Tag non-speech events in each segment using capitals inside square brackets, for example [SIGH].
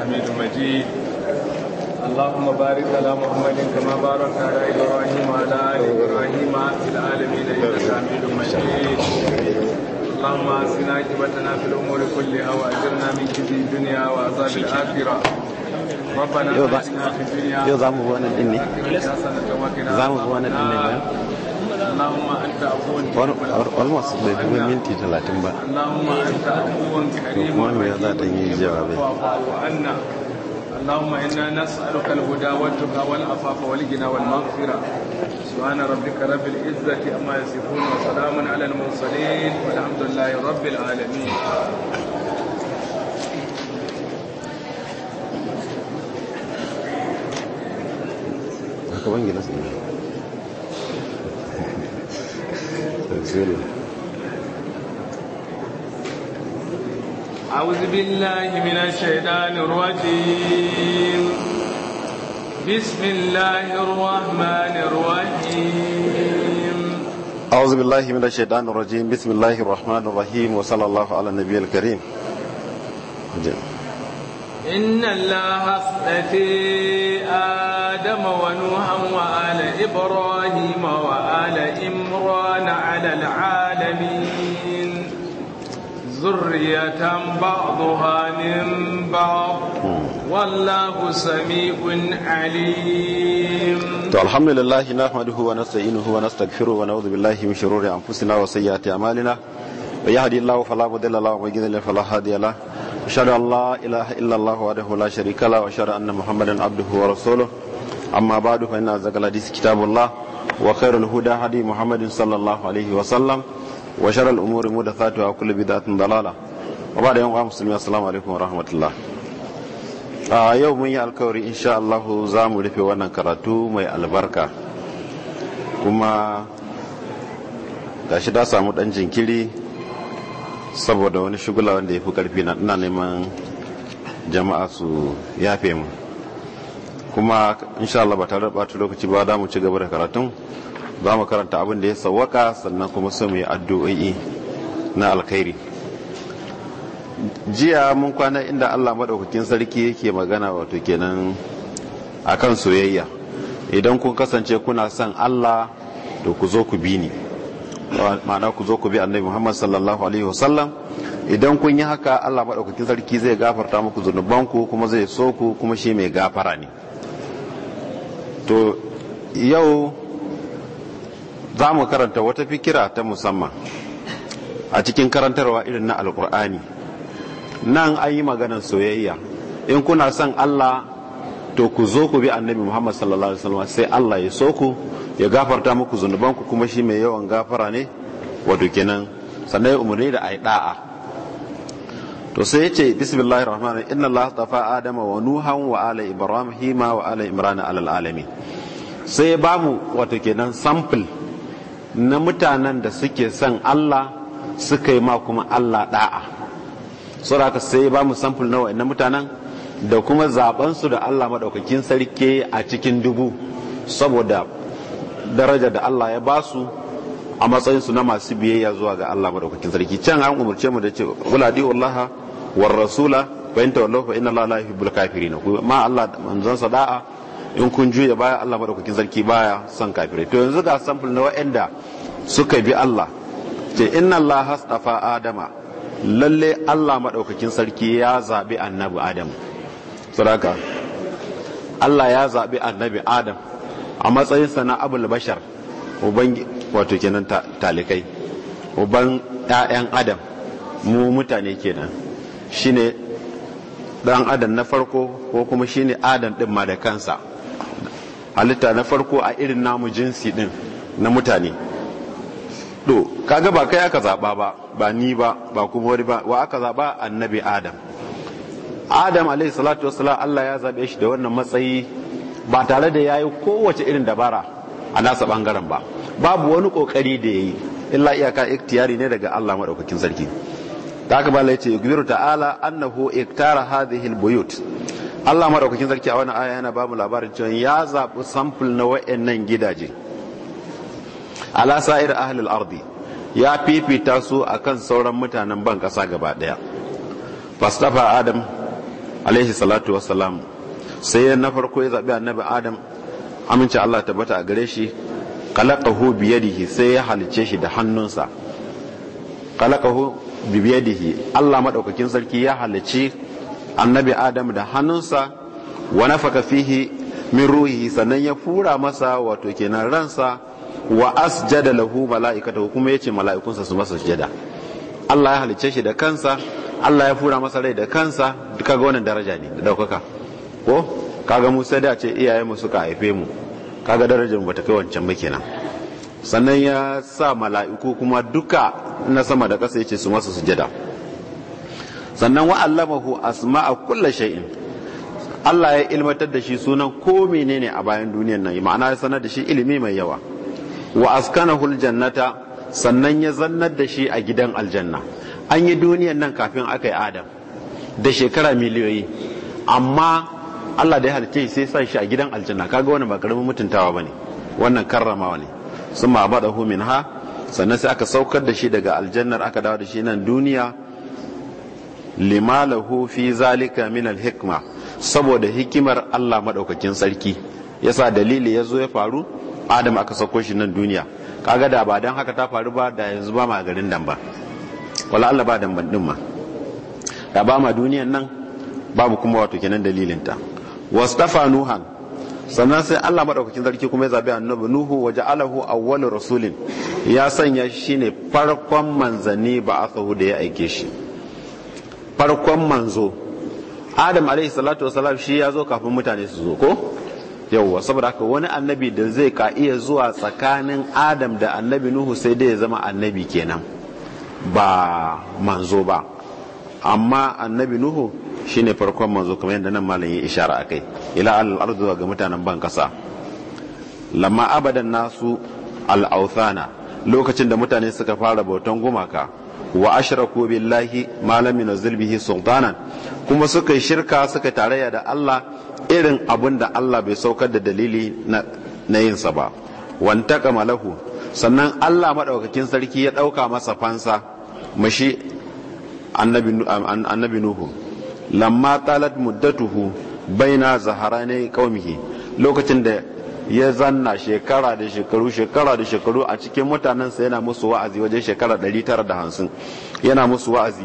حميد مجيد اللهم بارك على محمد كما باركت على ابراهيم وعلى ال ابراهيم في العالمين انك حميد مجيد اللهم اسنا عاقبتنا في الامور كلها واجرنا من خزي الدنيا وعذاب الاخره ربنا يوضع يوضع مبوانا الدنيا يوضع مبوانا الدنيا Allahumma anta abuwan kareem. Wani inna nas'aluka al-huda wa tuha afafa wal gina wal maghfira. Subhana rabbika rabbil izzati amma yasifun wa salamun بسم أعوذ بالله من الشيطان الرجيم بسم الله الرحمن الرحيم أعوذ بالله من الشيطان الرجيم بسم الله الرحمن الرحيم وصلى الله على النبي الكريم جميل. إن الله اصطفي آدم ونوحا وآل إبراهيم وآل إمران على العالمين ذرية بعضها من بعض والله سميع عليم to alhamdulillah nahmaduhu wa nasta'inuhu wa nastaghfiruhu wa na'udhu billahi min shururi anfusina wa sayyiati a'malina wa yahdihillahu fala mudilla lahu wa yudlil fala hadiya lahu أشهد أن لا إله إلا الله وحده لا شريك له وأشهد أن محمدا عبده ورسوله أما بعد فإن أصدق الحديث كتاب الله وخير الهدى هدي محمد صلى الله عليه وسلم وشر الأمور محدثاتها وكل بدعة ضلالة وبعد يوم مسلمين السلام عليكم ورحمة الله a yau mun yi alkawari insha Allah za mu rufe wannan karatu mai albarka kuma gashi ta samu dan jinkiri saboda wani shugula wanda ya fi karfi na ina neman jama'a su yafe mu kuma insha Allah ba tare da ɓata lokaci ba da mu ci gaba da karatun za mu karanta abin da ya sawwaka sannan kuma sai mu yi addu'o'i na alkhairi jiya mun kwana inda Allah madaukakin sarki yake magana wato kenan akan soyayya idan kun kasance kuna son Allah to ku zo ku bi ni ma'ana ku zo ku bi annabi Muhammad sallallahu alaihi wasallam idan kun yi haka Allah maɗaukakin sarki zai gafarta muku ku kuma zai so ku kuma shi mai gafara ne to yau za mu karanta wata fikira ta musamman a cikin karantarwa irin na alkur'ani nan an yi maganar soyayya in kuna son Allah to ku zo ku bi annabi Muhammad sallallahu alaihi wasallam sai Allah ya so ku ya gafarta muku zunubanku kuma shi mai yawan gafara ne wato kenan sannan ya umarni da ai da'a to sai yace bismillahir rahmanir inna allaha tafa adama wa nuhan wa ala ibrahim wa ala imran ala alamin sai ba bamu wato kenan sample na mutanen da suke son Allah suka yi ma kuma Allah da'a saboda sai ba bamu sample na wa'annan mutanen da kuma zaben su da Allah madaukakin sarki a cikin dubu saboda daraja da Allah ya ba su a matsayinsu na masu biyayya zuwa ga Allah madaukakin sarki can an umarce mu da ce wala di wallaha war rasula fa inta wallahu fa inna la yuhibbul ku ma Allah manzon sada'a in kun juya baya Allah madaukakin sarki baya son kafirai to yanzu ga sample na wa'anda suka bi Allah ce inna Allah hastafa adama lalle Allah madaukakin sarki ya zabi annabi adam sadaka Allah ya zabi annabi adam a matsayinsa na abul bashar uban wato kenan talikai uban 'ya'yan adam mu mutane kenan shine dan adam na farko ko kuma shine adam din ma da kansa halitta na farko a irin namu jinsi din na mutane to kaga ba kai aka zaba ba ba ni ba ba kuma wani ba wa aka zaba annabi adam adam alaihi salatu wassalam Allah ya zabe shi da wannan matsayi ba tare da yayi kowace irin dabara a nasa bangaren ba babu wani kokari da yayi illa iyaka iktiyari ne daga Allah madaukakin sarki da haka ba laice yukbiru ta'ala annahu iktara hadhihi albuyut Allah madaukakin sarki a wani aya yana babu labarin cewa ya zabi sample na wayannan gidaje ala sa'ir ahli al-ardi ya fifita su akan sauran mutanen ban kasa gaba daya fastafa adam alaihi salatu wassalam sai na farko ya zaɓi annabi adam amince Allah tabbata a gare shi kalaqahu biyadihi sai ya halice shi da hannunsa kalaqahu biyadihi Allah maɗaukakin sarki ya halice annabi adam da hannunsa wa nafaka fihi min ruhi sannan ya fura masa wato kenan ransa wa asjada lahu mala'ikatahu kuma ya ce mala'ikunsa su masa sujada Allah ya halice shi da kansa Allah ya fura masa rai da kansa duka ga wannan daraja ne da daukaka ko kaga musa sai da ce iyayen mu suka haife mu kaga darajar bata kai wancan ba kenan sannan ya sa mala'iku kuma duka na sama da ƙasa yace su masa sujada sannan wa allamahu asma'a kulli shay'in Allah ya ilmatar da shi sunan ko menene a bayan duniyar nan ma'ana ya sanar da shi ilimi mai yawa wa askanahu aljannata sannan ya zannar da shi a gidan aljanna an yi duniyar nan kafin aka yi adam da shekara miliyoyi amma Allah da ya halice sai sa shi a gidan aljanna kaga wannan ba karamin mutuntawa bane wannan karramawa ne sun ma humin ha sannan sai aka saukar da shi daga aljannar aka dawo da shi nan duniya limalahu fi zalika min alhikma saboda hikimar Allah madaukakin sarki yasa dalili ya zo ya faru Adam aka sauko shi nan duniya kaga da ba dan haka ta faru ba da yanzu ba ma garin dan ba wala Allah ba dan ban ma da ba ma duniyan nan babu kuma wato kenan ta. wastafa nuhan sannan sai Allah maɗaukakin sarki kuma ya zabi annabi nuhu wa ja'alahu awwal rasulin ya sanya shi ne farkon manzanni ba athahu da ya aike shi farkon manzo adam alaihi shi ya zo kafin mutane su zo ko yauwa saboda haka wani annabi da zai ka iya zuwa tsakanin adam da annabi nuhu sai dai ya zama annabi kenan ba manzo ba amma annabi nuhu shine farkon manzo kamar yadda nan malam ya ishara a kai ila al zuwa ga mutanen ban kasa lamma abadan nasu al'authana lokacin da mutane suka fara bautan gumaka wa ashraku billahi ma malamin na sultanan kuma suka shirka suka tarayya da Allah irin abun da Allah bai saukar da dalili na yinsa ba wantaka malahu sannan Allah madaukakin sarki ya ɗauka masa fansa mashi annabi nuhu lamma talat muddatuhu baina zaharane qaumihi lokacin da ya zanna shekara da shekaru shekara da shekaru a cikin mutanensa yana musu wa'azi wajen shekara 950 yana musu wa'azi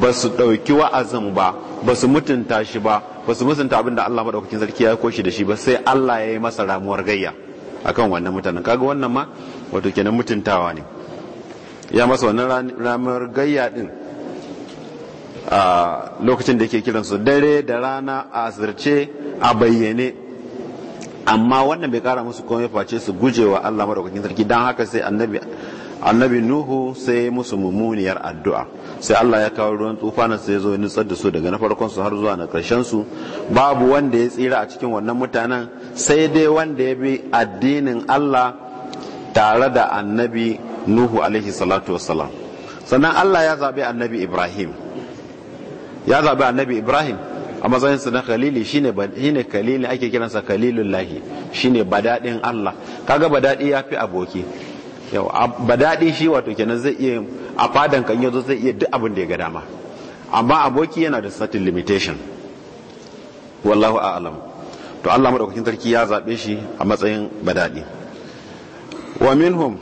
ba su ɗauki wa'azin ba ba su mutunta shi ba ba su mutunta abin da Allah maɗaukakin sarki ya koshi da shi ba sai Allah ya yi masa ramuwar gayya akan wannan mutanen kaga wannan ma wato kenan mutuntawa ne ya masa wannan ramuwar gayya din a lokacin da ke kiransu dare da rana a asirce a bayyane amma wannan bai kara musu komai face su guje wa Allah maraukakin sarki don haka sai annabi nuhu sai musu mummuniyar addu'a sai Allah ya kawo ruwan tufanin sai zo nutsar da su daga na farkon su har zuwa na karshen su babu wanda ya tsira a cikin wannan mutanen sai dai wanda ya bi addinin Allah tare da annabi nuhu alaihi sannan Allah ya zabi annabi Ibrahim ya zaɓi annabi ibrahim a matsayinsa na khalili shine ne khalili ake kiransa khalilullahi shine badadin Allah kaga badadi fi aboki yau badadi shi wato kenan zai iya a fadan kan yanzu zai iya duk abin da ya ga dama amma aboki yana da certain limitation wallahu a'lam to Allah madaukakin sarki ya zaɓe shi a matsayin badadi wa minhum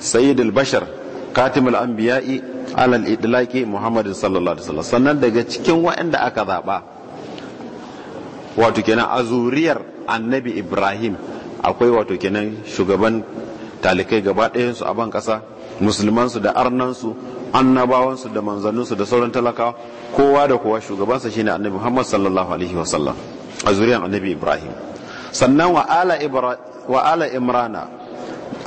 sayyidul bashar katimul anbiya'i alal idlaki muhammadin sallallahu alaihi wasallam sannan daga cikin waɗanda aka zaba wato kenan a zuriyar annabi ibrahim akwai wato kenan shugaban talikai gaba su a ban ƙasa su da arnan annabawan annabawansu da su da sauran talakawa kowa da kowa shugabansa shine annabi muhammad sallallahu alaihi wasallam a zuriyar annabi ibrahim sannan wa ala imrana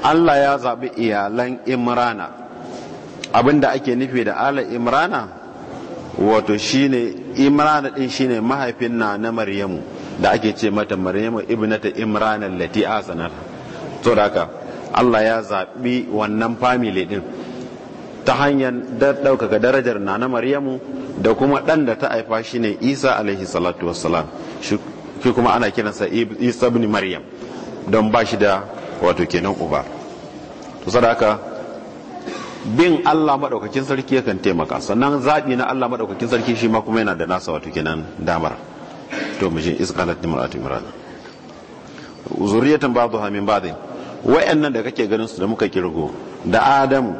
allah ya zaɓi iyalan imrana abinda ake nufi da ala imrana wato shine imrana din shine mahaifin na na maryamu da ake ce mata maryamu ibnata imrana lati asanat to haka Allah ya zaɓi wannan family din ta hanyar ɗaukaka darajar na na maryamu da kuma ɗan da ta haifa shine isa alaihi salatu wassalam shi kuma ana kiransa isa ibn maryam don ba shi da wato kenan uba to sadaka bin Allah maɗaukakin sarki yakan taimaka sannan zaɓi na Allah maɗaukakin sarki shi ma kuma yana da nasa wato kenan damar to mu je isqalat imratu imran zuriyatan ba'dha min ba'd wa'annan da kake ganin su da muka kirgo da Adamu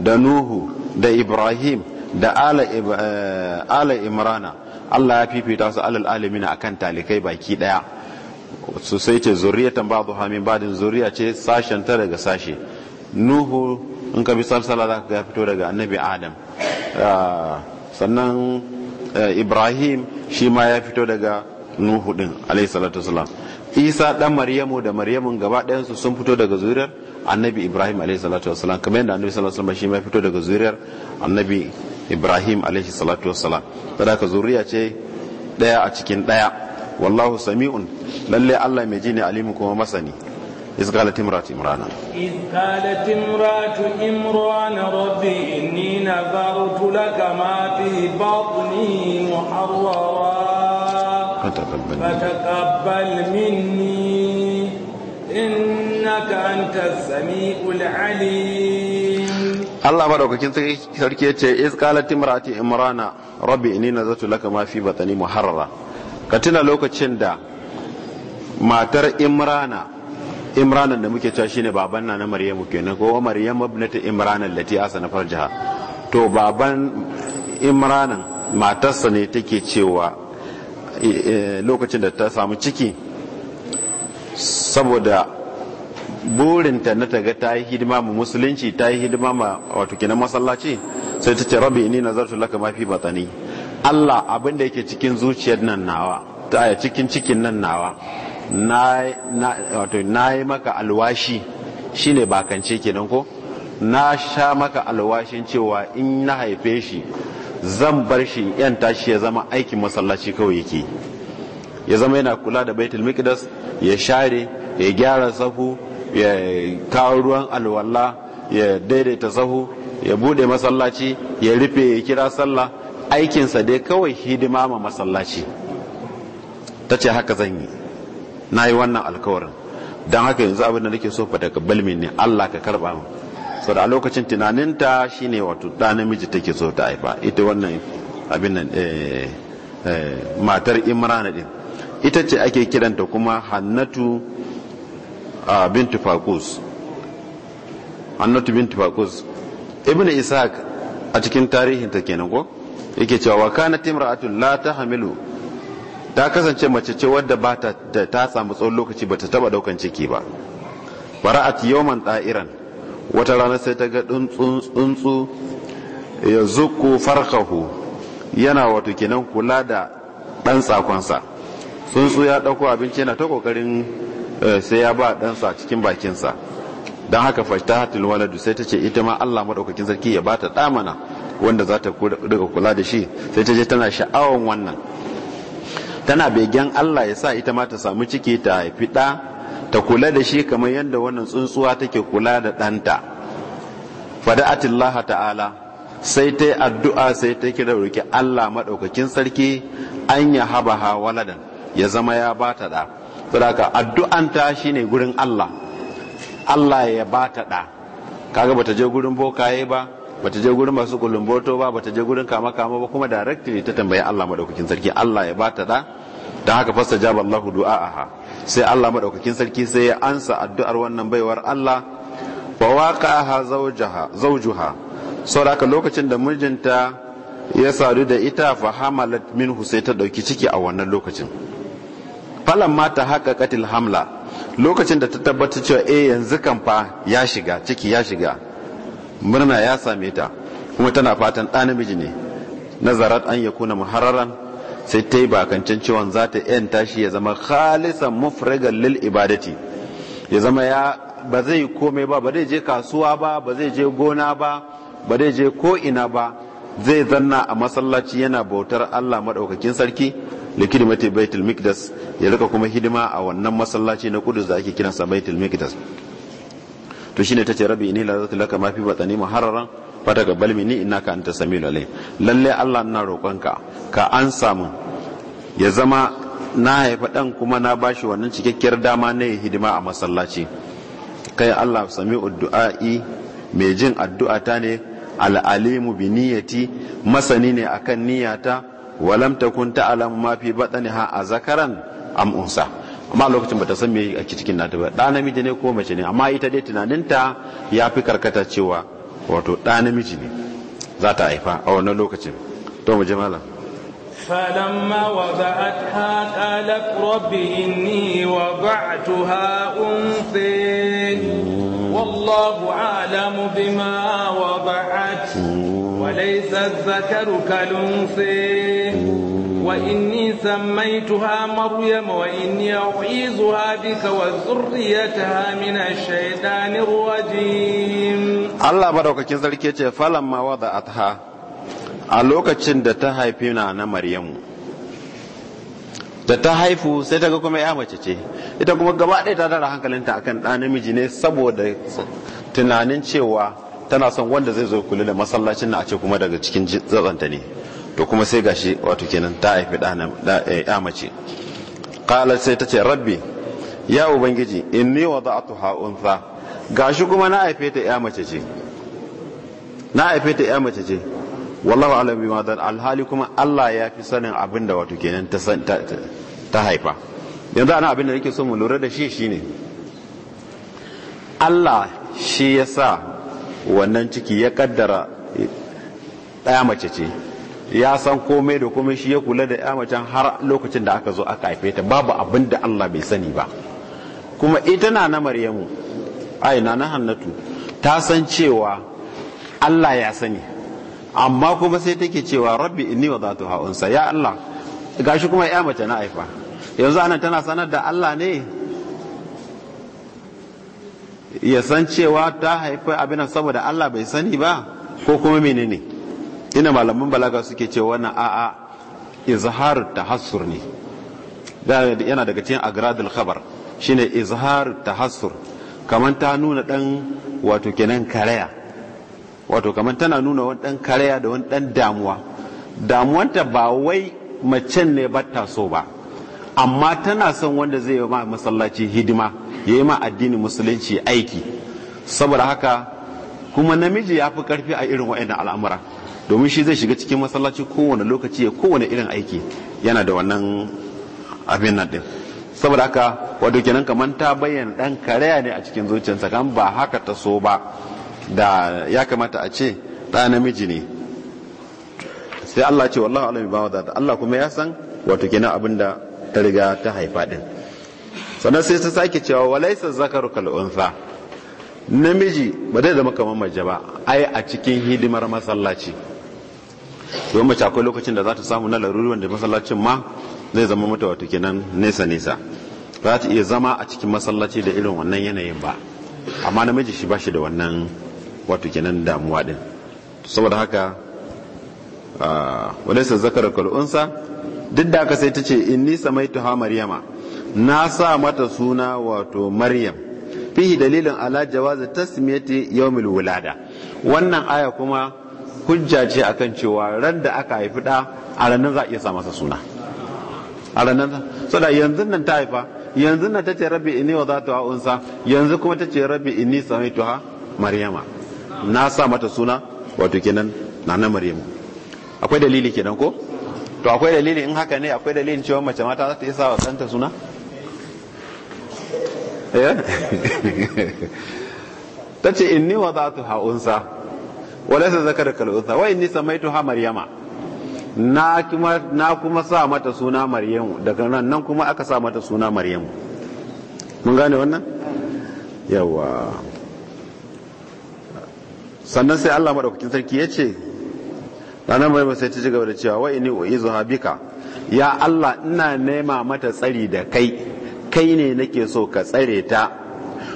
da Nuhu da Ibrahim da ala eh, ala imrana Allah ya fifita su alal alamin akan talikai baki daya su sai ce zuriyatan ba'dha min badin zuriya ce sashen ta daga sashe Nuhu in ka bi salsala za ka fito daga annabi adam ah, sannan eh, ibrahim shi ma ya fito daga nuhu din alayhi salatu wasalam isa dan maryamu da maryamun gaba dayansu sun fito daga zuriyar annabi ibrahim alayhi salatu wasalam kamar yadda annabi sallallahu alaihi wasallam shi ma fito daga zuriyar annabi ibrahim alayhi salatu wasalam sadaka zuriya ce daya a cikin daya wallahu sami'un lalle Allah mai ji ne alimu kuma masani إذ قالت امرأة إمران إذ قالت امرأة إمران ربي إني نذرت لك ما في بطني محررا فتقبل, فتقبل مني إنك أنت السميع العليم Allah madaukakin sarki ya ce iz imrana rabbi inni nazartu laka ma fi batni muharrara ka tuna lokacin da matar imrana imranan da muke cewa shine baban na na maryamu kenan ko maryam ibnatu imran allati asana farjaha to baban imranan matarsa ne take cewa eh, eh, lokacin da ta samu ciki saboda burinta na taga ta yi hidima ma musulunci ta yi hidima ma wato kenan masallaci sai ta ce rabbi inni nazartu laka ma fi batani Allah abin da yake cikin zuciyar nan nawa ta cikin cikin nan nawa na yi maka alwashi shine bakance kenan ko na sha maka alwashin cewa in na haife shi zan bar shi yan tashi ya zama aikin masallaci kawai yake ya zama yana kula da baitul miqdas ya share ya gyara sahu ya kawo ruwan alwala ya daidaita sahu ya bude masallaci ya rufe ya kira sallah aikinsa dai kawai hidima ma masallaci ta ce haka zan yi na yi wannan alkawarin don haka yanzu abin da nake so fa daga balmin ne allah ka karba mu sau da a lokacin tunaninta shine wato ɗa namiji take so ta haifa ita wannan abin nan eh, eh, matar imrana din ita ce ake kiranta kuma hannatu ah, bintu fakus hannatu bintu fakus ibn isaac a cikin ta kenan ko yake cewa wa kanat imra'atun la tahmilu ta kasance mace ce wadda ba ta ta samu tsawon lokaci ba ta taba daukan ciki ba bara'at yawman da'iran wata rana sai ta ga tsuntsu ya zuku farkahu yana wato kenan kula da dan tsakonsa tsuntsu ya ɗauko abinci yana ta kokarin eh, sai ya ba ɗansa cikin bakinsa don haka fashta hatil waladu sai ta ce ita ma Allah maɗaukakin sarki ya bata damana wanda za ta daga kula da shi sai ta je tana sha'awan wannan tana begen Allah ya sa ita ma ta samu ciki ta haifi ɗa ta kula da shi kamar yadda wannan tsuntsuwa take kula da ɗanta fada'atillaha ta'ala sai ta yi addu'a sai ta kira roƙi Allah maɗaukakin sarki an ya haba ha waladan ya zama ya ba ta ɗa saboda addu'anta shine gurin Allah Allah ya ba ta ɗa kaga bata je gurin bokaye ba bata je gurin masu kulumboto ba bata je gurin kama kama ba kuma directly ta tambayi Allah madaukakin sarki Allah ya bata da dan haka fastajaba Allahu du'aaha sai Allah madaukakin sarki sai ya ansa addu'ar wannan baiwar Allah wa waqaha zawjaha zawjuha saboda lokacin da mijinta ya sadu da ita fa hamalat minhu sai ta dauki ciki a wannan lokacin falan mata haka katil hamla lokacin da ta tabbata cewa eh yanzu kan fa ya shiga ciki ya shiga murna ya same ta kuma tana fatan ɗa namiji ne nazarat an yakuna muhararan sai ta yi bakancin ciwon za ta yan tashi ya zama khalisan mufragan lil ibadati ya zama ya ba zai komai ba ba zai je kasuwa ba ba zai je gona ba ba zai je ko ina ba zai zanna a masallaci yana bautar Allah maɗaukakin sarki likidi mata baitul mikdas ya rika kuma hidima a wannan masallaci na kudu da ake kiransa baitul mikdas to shine tace rabbi inni la zatu laka ma fi batani muharraran fa ga balmi ni innaka anta samiul alim lalle Allah ina roƙonka ka an samu ya zama na haifa dan kuma na bashi wannan cikakkiyar dama na yi hidima a masallaci kai Allah sami du'a'i mai jin addu'a ta ne al'alimu bi niyyati masani ne akan niyyata walam takun ta'lam ma fi ha a zakaran am unsa amma lokacin bata san me a cikin nata ba ɗa namiji ne ko mace ne amma ita dai tunaninta ya fi karkata cewa wato ɗa namiji ne za ta haifa a wannan lokacin to mu ji malam فلما وضعتها قالت رب إني وضعتها أنثي والله أعلم بما وضعت وليس الذكر كالأنثي وإني سميتها مريم وإني أعيذها بك وذريتها من الشيطان الرجيم الله بارك فيك فلما وضعتها a lokacin da ta haifi da ta haifu sai ta ga kuma ya mace ce ita kuma gaba ɗaya ta dara hankalinta akan ɗa namiji ne saboda tunanin cewa tana son wanda zai zo kula da masallacin na a ce kuma daga cikin zazanta ne to kuma sai gashi wato kenan ta haifi ɗa eh, mace qalat sai ta rabbi ya ubangiji inni wada'tuha untha gashi kuma na haife ta ya mace ce na haife ta ya mace ce wallahu alam bima alhali kuma Allah ya fi sanin abinda wato kenan ta ta haifa yanzu ana abinda nake so mu lura da shi shine Allah shi yasa wannan ciki ya kaddara eh, ɗaya mace ce ya san komai da komai shi ya kula da yamacin har lokacin da aka zo aka haife ta babu abin da Allah bai sani ba kuma ita na na maryamu ai na na hannatu ta san cewa Allah ya sani amma kuma sai take cewa rabbi inni wa zatu ha'unsa ya Allah gashi kuma ya mace na haifa yanzu anan tana sanar da Allah ne ya san cewa ta haifa abin saboda Allah bai sani ba ko kuma menene ina malaman balaga suke ce wannan a'a izhar tahassur ne yana daga cikin agradul khabar shine izhar tahassur kamar ta nuna dan wato kenan karaya wato kamar tana nuna wani dan karaya da wani dan damuwa damuwanta ba wai macen ne ba ta so ba amma tana son wanda zai yi ma masallaci hidima ya yi ma addinin musulunci aiki saboda haka kuma namiji ya fi karfi a irin wa'annan al'amura domin shi zai shiga cikin masallaci kowane lokaci ya kowane irin aiki yana da wannan abin nan din saboda haka wato kenan kamar ta bayyana dan karaya ne a cikin zuciyarsa kan ba haka ta so ba da ya kamata a ce ɗa namiji ne sai Allah ce wallahu alami ba wadata Allah kuma ya san wato kenan abin da ta riga ta haifa din sannan sai ta sake cewa walaisa zakaru kal unsa namiji ba zai zama kamar majaba ba ai a cikin hidimar masallaci don mace akwai lokacin da za ta samu na laruri wanda masallacin ma zai zama mata wato kenan nesa nesa za ta iya zama a cikin masallaci da irin wannan yanayin ba amma namiji shi ba shi da wannan wato kenan damuwa din saboda haka sa zakar kal'unsa duk da aka sai ta ce in nisa mai tuha maryama na sa mata suna wato maryam fihi dalilin ala jawazi tasmiyati yawmil wulada wannan aya kuma hujja ce akan cewa ran da aka haifi da a ranar za a iya sa masa suna a ranar so da yanzu nan ta haifa yanzu nan ta ce rabi ini wa ta unsa yanzu kuma ta ce rabi ini ha maryama na sa mata suna wato kenan nana maryamu akwai dalili kenan ko to akwai dalili in haka ne akwai dalilin cewa mace mata za ta iya sa wa ɗanta suna eh? [LAUGHS] ta ce inni wa ta unsa walaysa zakar kal unsa wa inni samaituha maryama na kuma na kuma sa mata suna maryamu daga nan nan kuma aka sa mata suna maryamu mun gane wannan yawa sannan sai Allah madaukakin sarki ya ce ranar maryamu sai ta ci gaba da cewa wa inni uizuha bika ya Allah ina nema mata tsari da kai kai ne nake so ka tsare ta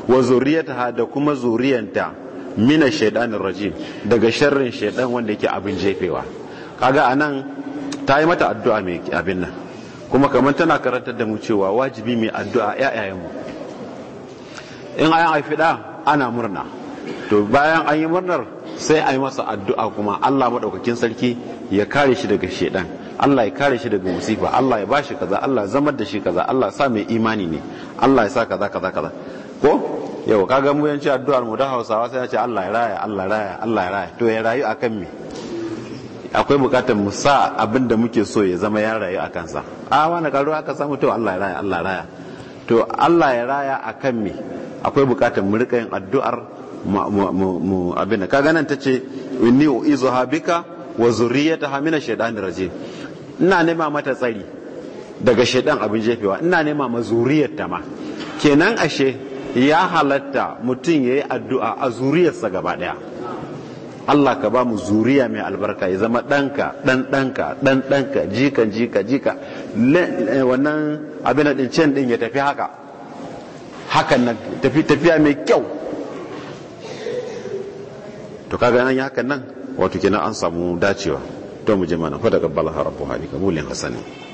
wa zuriyataha da kuma zuriyanta mina shaidanin rajim daga sharrin shaidan wanda yake abin jefewa kaga anan ta yi mata addu'a mai abin nan kuma kamar tana karantar da mu cewa wajibi mai addu'a yayayenmu in an haifi da ana murna to bayan an yi murnar sai a yi masa addu'a kuma Allah maɗaukakin sarki ya kare shi daga shaidan Allah ya kare shi daga musifa Allah ya bashi kaza Allah ya zamar da shi kaza Allah ya sa mai imani ne Allah ya sa kaza kaza kaza ko yau kaga mu yanci addu'ar mu da Hausawa sai ya ce Allah ya raya Allah ya raya Allah ya raya to ya rayu akan me akwai bukatar mu sa abinda muke so ya zama ya rayu a kansa a wani karo aka samu to Allah ya raya Allah ya raya to Allah ya raya akan me akwai bukatar mu rika yin addu'ar mu abinda. kaga nan tace inni uizuha bika wa zurriyataha min ash-shaytanir rajim ina nema mata tsari daga shaidan abin jefewa ina nema ma zuriyar ma kenan ashe ya halatta mutum ya yi addu'a a zuriyarsa gaba ɗaya Allah ka ba mu zuriya mai albarka ya zama ɗanka ɗan ɗanka ɗan ɗanka jika jika jika eh, wannan abin ɗin can ɗin ya tafi haka haka na tafi tafiya mai kyau to kaga an yi hakan nan wato kenan an samu dacewa to mu je mana fa daga balaha rabbu mulin hasani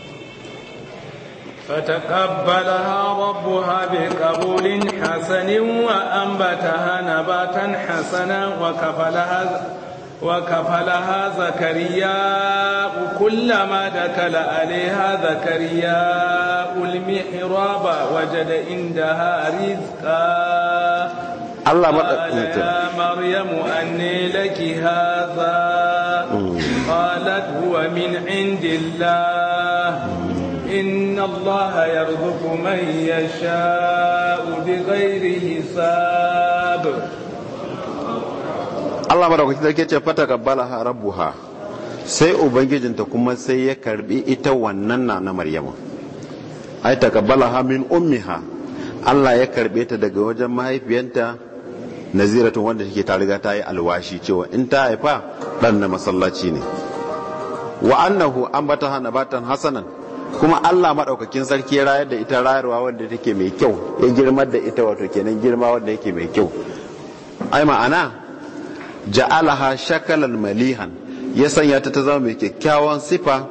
فتقبلها ربها بقبول حسن وأنبتها نباتا حسنا وكفلها وكفلها زكرياء كلما دخل عليها زكرياء المحراب وجد عندها رزقا الله يا مريم أني لك هذا قالت هو من عند الله إن الله يرزق من يشاء بغير حساب Allah madaukaki sarki ce fata kabbala rabbuha sai ubangijinta kuma sai ya karbi ita wannan na na Maryamu ai takabbala min ummiha Allah ya karbe ta daga wajen mahaifiyanta naziratu wanda take ta riga ta yi alwashi cewa in ta haifa dan na masallaci ne wa annahu ambataha nabatan hasanan kuma Allah maɗaukakin sarki ya rayar da ita rayarwa wanda take mai kyau ya girma da ita wato kenan girma wanda yake mai kyau ai ma'ana ja'alaha shakalan malihan ya sanya ta ta zama mai kyakkyawan sifa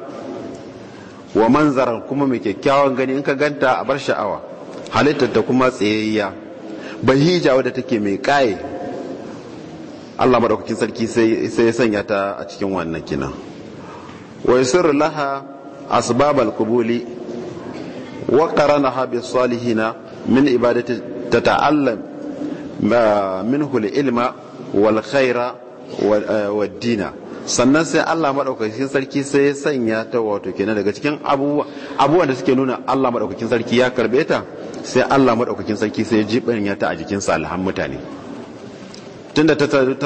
wa manzaran kuma mai kyakkyawan gani in ka ganta a bar sha'awa halittar ta kuma tsayayya bahija wadda take mai kaye Allah maɗaukakin sarki sai ya sanya ta a cikin wannan kina wai sirri laha asbab al-qubuli wa qaranaha bi salihina min ibadati tata'allam minhu al-ilma wal khaira wad dina sannan sai Allah madaukakin sarki sai ya sanya ta wato kenan daga cikin abubuwa abubuwan da suke nuna Allah madaukakin sarki ya karbe ta sai Allah madaukakin sarki sai ya jibanya ta a jikin salihan mutane tunda ta sadu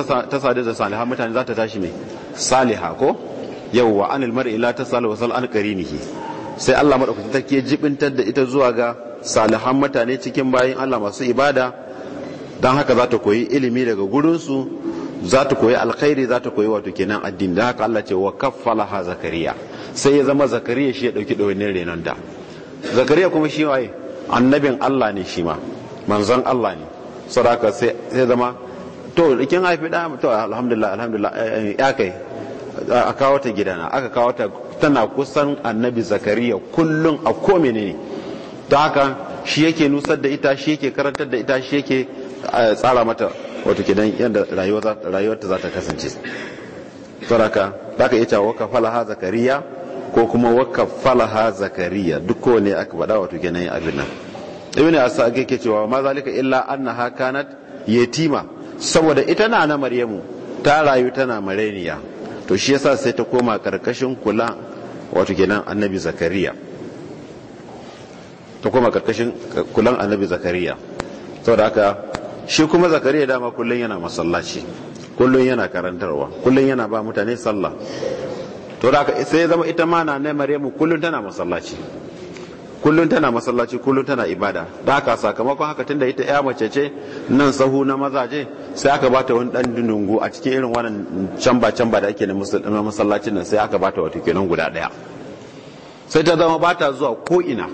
da salihan mutane za ta tashi mai saliha ko yawwa anil mar'i la tasal wa sal an qarinihi sai Allah madaukakin take jibintar da ita zuwa ga salihan mutane cikin bayin Allah masu ibada dan haka za ta koyi ilimi daga gurin su za ta koyi alkhairi za ta koyi wato kenan addini dan haka Allah ce wa ha zakariya sai ya zama zakariya shi ya dauki dawainin renan da zakariya kuma shi waye annabin Allah ne shi ma manzon Allah ne saboda sai zama to kin haifi da to alhamdulillah alhamdulillah ya kai a kawo ta gidana aka kawo ta tana kusan annabi zakariya kullum a ko ne ta haka shi yake nusar da ita shi yake karantar da ita shi yake tsara mata wato kidan yadda rayuwarta za ta kasance saraka za ka iya cewa waka falaha zakariya ko kuma waka falaha zakariya duk kowane aka faɗa wato kenan abin nan ibn asa ke cewa ma zalika illa annaha kanat yatima saboda ita na na maryamu ta rayu tana mareniya to shi yasa sai ta koma karkashin kula wato kenan annabi zakariya ta koma karkashin kulan annabi zakariya saboda haka shi kuma zakariya dama kullun yana masallaci kullun yana karantarwa kullun yana ba mutane sallah to da haka sai ya zama ita ma na ne maryamu kullun tana masallaci kullum tana masallaci kullum tana ibada da haka sakamakon haka tunda ita ya mace ce nan sahu na mazaje sai aka bata wani dan dunungu a cikin irin wannan canba canba da ake na masallacin nan sai aka bata wata kenan guda daya sai ta zama bata zuwa ko ina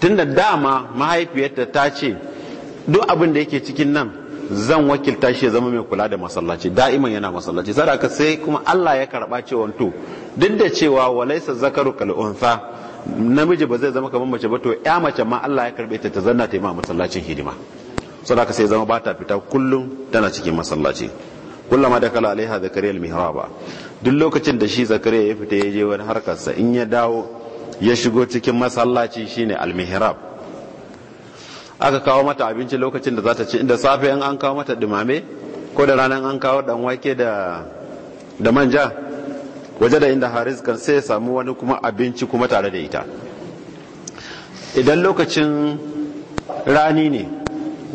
tunda dama mahaifiyarta ta ce duk abin da yake cikin nan zan wakilta shi ya zama mai kula da masallaci da'iman yana masallaci sadaka sai kuma Allah ya karba cewa to duk da cewa walaisa zakaru kal namiji ba zai zama kamar mace ba to ya mace ma Allah ya karbe ta ta zanna ta yi ma masallacin hidima sadaka sai zama ba ta fita kullum tana cikin masallaci kullama da kala alaiha zakariya ba duk lokacin da shi zakariya ya fita ya je wani harkarsa in ya dawo ya shigo cikin masallaci shine almihrab aka kawo mata abinci lokacin da za ta ci inda safe in an kawo mata dumame ko da ranar an kawo dan wake da da manja waje da inda haris kan sai ya samu wani kuma abinci kuma tare da ita idan lokacin rani ne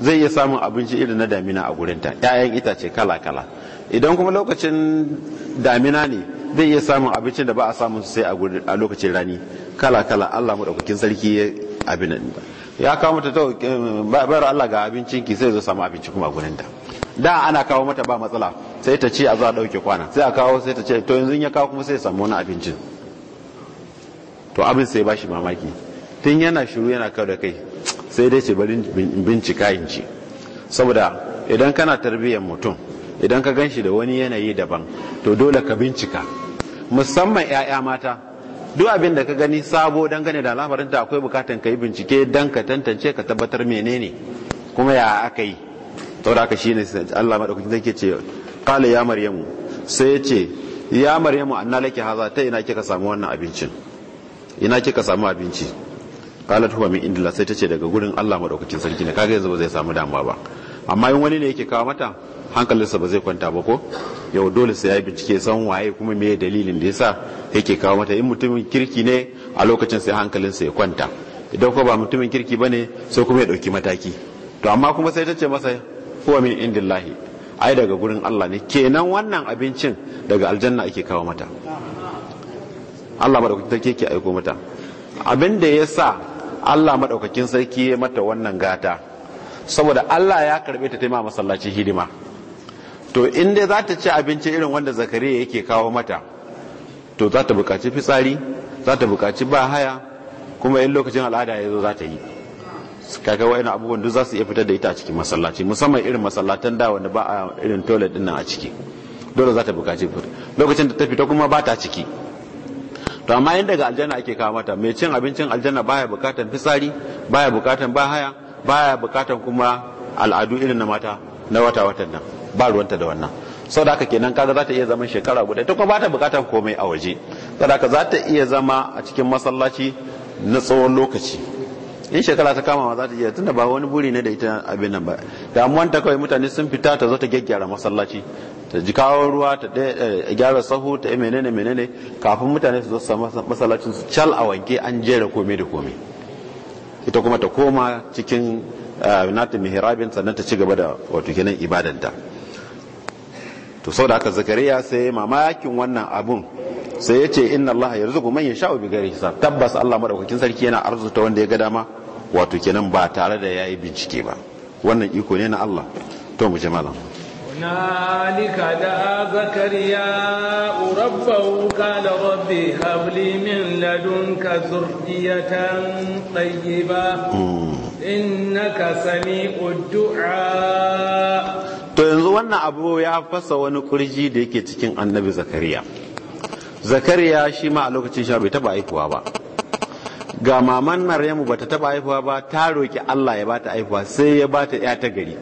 zai iya samun abinci irin na damina a gurinta 'ya'yan itace kala-kala idan kuma lokacin damina ne zai iya samun abincin da ba a samun sai a lokacin rani kala-kala allah maɗaukakin sarki ya abin nan ya kawo mata ta eh, bayar allah ga abincinki sai zo samu abinci kuma a gurinta da ana kawo mata ba matsala sai ta ce a za a ɗauke kwana sai a kawo sai ta ce to yanzu ya kawo kuma sai samu wani abincin to abin sai ba shi mamaki tun yana shiru yana kawo da kai sai dai ce bari bincika in ce saboda idan kana tarbiyyar mutum idan ka gan shi da wani yanayi daban to dole ka bincika musamman 'ya'ya mata duk abin da ka gani sabo dangane da lamarin akwai bukatan ka yi bincike dan ka tantance ka tabbatar menene kuma ya aka yi saboda haka shine Allah madaukakin zai ke ce kala ya maryamu sai ya ce ya maryamu anna laki haza ta ina kika samu wannan abincin ina kika samu abinci kala huwa min sai ta ce daga gurin Allah madaukakin sarki ne kaga yanzu ba zai samu damuwa ba amma in wani ne yake kawo mata hankalinsa ba zai kwanta ba ko yau dole sai ya bincike san waye kuma me dalilin da ya yasa yake kawo mata in mutumin kirki ne a lokacin sai hankalinsa ya kwanta idan ko ba mutumin kirki ba ne sai kuma ya dauki mataki to amma kuma sai ta ce masa huwa min indillahi ai daga gurin Allah ne kenan wannan abincin daga aljanna ake kawo mata Allah madaukaki ke aiko mata abin da ya sa Allah madaukakin sarki ya mata wannan gata saboda Allah ya karbe ta taimaka masallaci hidima to in dai za ta ci abincin irin wanda zakariya yake kawo mata to za ta buƙaci fitsari za ta buƙaci bahaya kuma in lokacin al'ada ya zo za ta yi kaga wa'ina abubuwan duk za su iya fitar da ita a cikin masallaci musamman irin masallatan da wanda ba a irin toilet din nan a ciki dole za ta bukaci fita lokacin da ta fita kuma ba ta ciki to amma yin daga aljanna ake kawo mata mai cin abincin aljanna baya bukatan fitsari baya bukatan bahaya baya bukatan kuma al'adu irin na mata na wata watan nan ba ruwanta da wannan sau da aka kenan kaga za ta iya zama shekara guda ta kuma ba ta bukatan komai a waje sau da aka za ta iya zama a cikin masallaci na tsawon lokaci in shekara ta kama za ta iya tunda ba wani buri ne da ita abin nan ba damuwan ta kawai mutane sun fita ta zo ta gyaggyara masallaci ta ji kawo ruwa ta eh, gyara sahu ta yi menene menene kafin mutane su zo su masallacin su cal a wanke an jera komai da komai ita kuma ta koma cikin eh, nata mihrabin sannan ta ci gaba da wato kenan ibadanta to saboda haka zakariya sai mamakin wannan abun sai ya ce inna Allah yarzuqu man bi bighairi hisab tabbas Allah madaukakin sarki yana ta wanda ya ga dama wato kenan ba tare da yayi bincike ba wannan iko ne na Allah to mu ji malam da zakariya rabbahu qala rabbi hab li min ladunka zurriyatan tayyiba hmm. innaka sami'ud du'a to yanzu wannan abu ya fasa wani kurji da yake cikin annabi zakariya zakariya shi ma a lokacin shi bai taba haihuwa ba ga maman maryamu bata taba haihuwa ba ta roki Allah ya bata haihuwa sai ya bata ya ta gari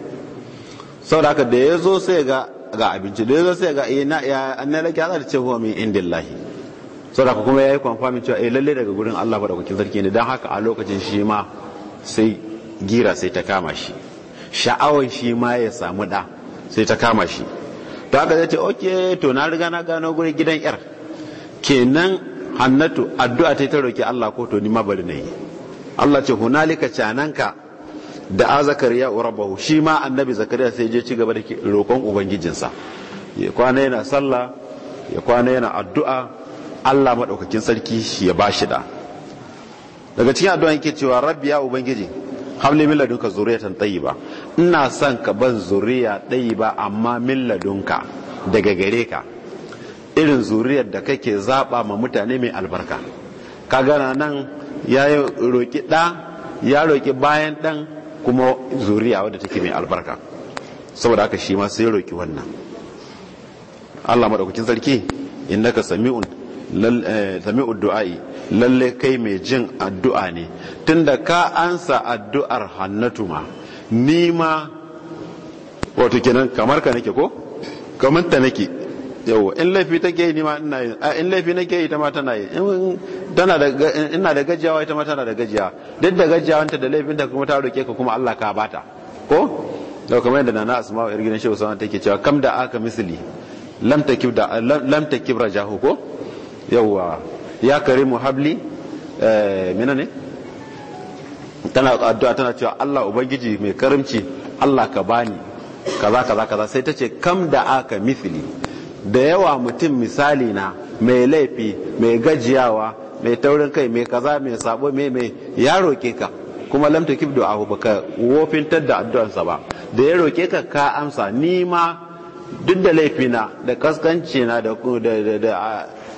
saboda haka da ya zo sai ga ga abinci da ya zo sai ga ina eh, ya annai laki hada da cewa min indillahi saboda haka kuma yayi confirm cewa eh lalle daga gurin Allah ba da kukin sarki ne dan haka a lokacin shi ma sai gira sai ta kama shi sha'awar shi ma ya samu da sai ta kama shi to haka zai ce okay to na riga na gano gurin gidan yar kenan hannatu addu'a ta ta roki Allah ko to ni ma bari na yi Allah ce hunalika cananka da a zakariya shi ma annabi zakariya sai je ci gaba da roƙon ubangijinsa ya kwana yana sallah ya kwana yana addu'a Allah maɗaukakin sarki ya ba shi da daga cikin addu'a yake cewa rabbi ya ubangiji hamli min ladunka zuriyatan tayyiba ina son ka ban zuriya tayyiba amma min daga gare ka irin zuriyar da kake zaba ma mutane mai albarka ka gana nan ya roƙi ɗa ya roƙi bayan ɗan kuma zuriya wadda take mai albarka saboda aka shi ma sai roƙi wannan Allah maɗaukacin sarki innaka ka eh, sami'ud du'a'i lalle kai mai jin addu'a ne tunda ka ansa addu'ar hannatu ma ni wato kenan kamar ka nake ko kamar ta nake yau in laifi take yi ma ina yi in laifi nake yi ta ma tana yi da ina da gajiyawa ita ma tana da gajiya duk da gajiyawanta da laifin da kuma ta roke ka kuma Allah ka bata ko yau kamar yadda nana asma'u irgin gidan shehu sanan take cewa kam da aka misali lam takib da lam takib rajahu ko yawa ya karimu habli eh, mina ne tana addu'a tana cewa Allah ubangiji mai karimci Allah ka bani kaza kaza kaza sai ta ce kam da aka misali. da yawa mutum misali na mai laifi mai gajiyawa mai taurin kai mai kaza mai sabo mai mai ya roke ka kuma lamta kibdo du'ahu baka wofintar da addu'arsa ba da ya roke ka ka amsa ni ma duk da laifina da kaskanci na da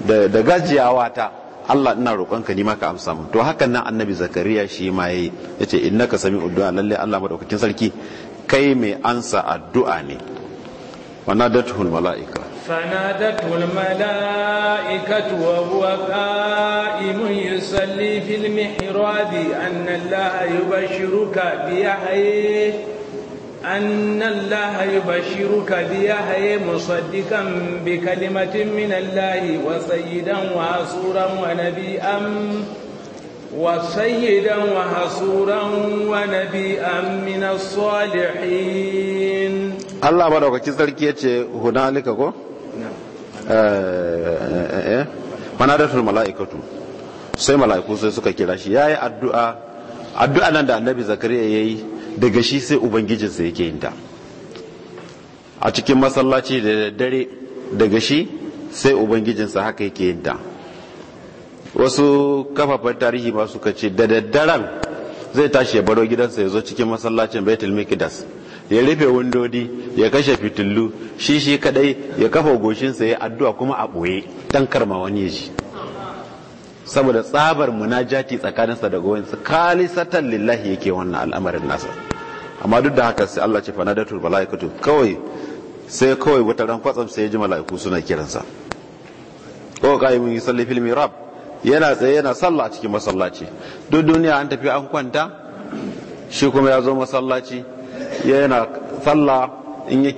da gajiyawa ta Allah ina ka ni ma ka amsa mu to hakan nan annabi zakariya shi ma yayi yace innaka sami du'a lalle Allah madaukakin sarki kai mai ansa addu'a ne wa nadatuhul mala'ika فنادته الملائكة وهو قائم يصلي في المحراب أن الله يبشرك بيحيى أن الله يبشرك بيحيى مصدقا بكلمة من الله وسيدا وحصورا ونبيا وسيدا وحصورا ونبيا من الصالحين الله بارك فيك هنالك كو Eh, eh, eh, manadatul mala'ikatu sai mala'iku sai suka kira shi yayi addu'a addu'a nan da annabi zakariya yi daga shi sai ubangijinsa yake yin ta a cikin masallaci da dare daga shi sai ubangijinsa haka yake yin ta wasu kafafen tarihi ma suka ce da daddaren zai tashi ya baro gidansa ya zo cikin masallacin baitul mikdas ya rufe windodi ya kashe fitillu shi shi kadai ya kafa goshinsa ya addu'a kuma a ɓoye dan karma wani ya ji saboda tsabar munajati tsakaninsa da gowansa kalisatan lillahi yake wannan al'amarin nasa amma duk da haka sai Allah ce fanadatul malaikatu kawai sai kawai wata ran kwatsam sai ya ji mala'iku suna kiransa ko qaimun salli fil mirab yana tsaye yana sallah a cikin masallaci duk duniya an tafi an kwanta shi kuma ya zo masallaci yana sallah in ya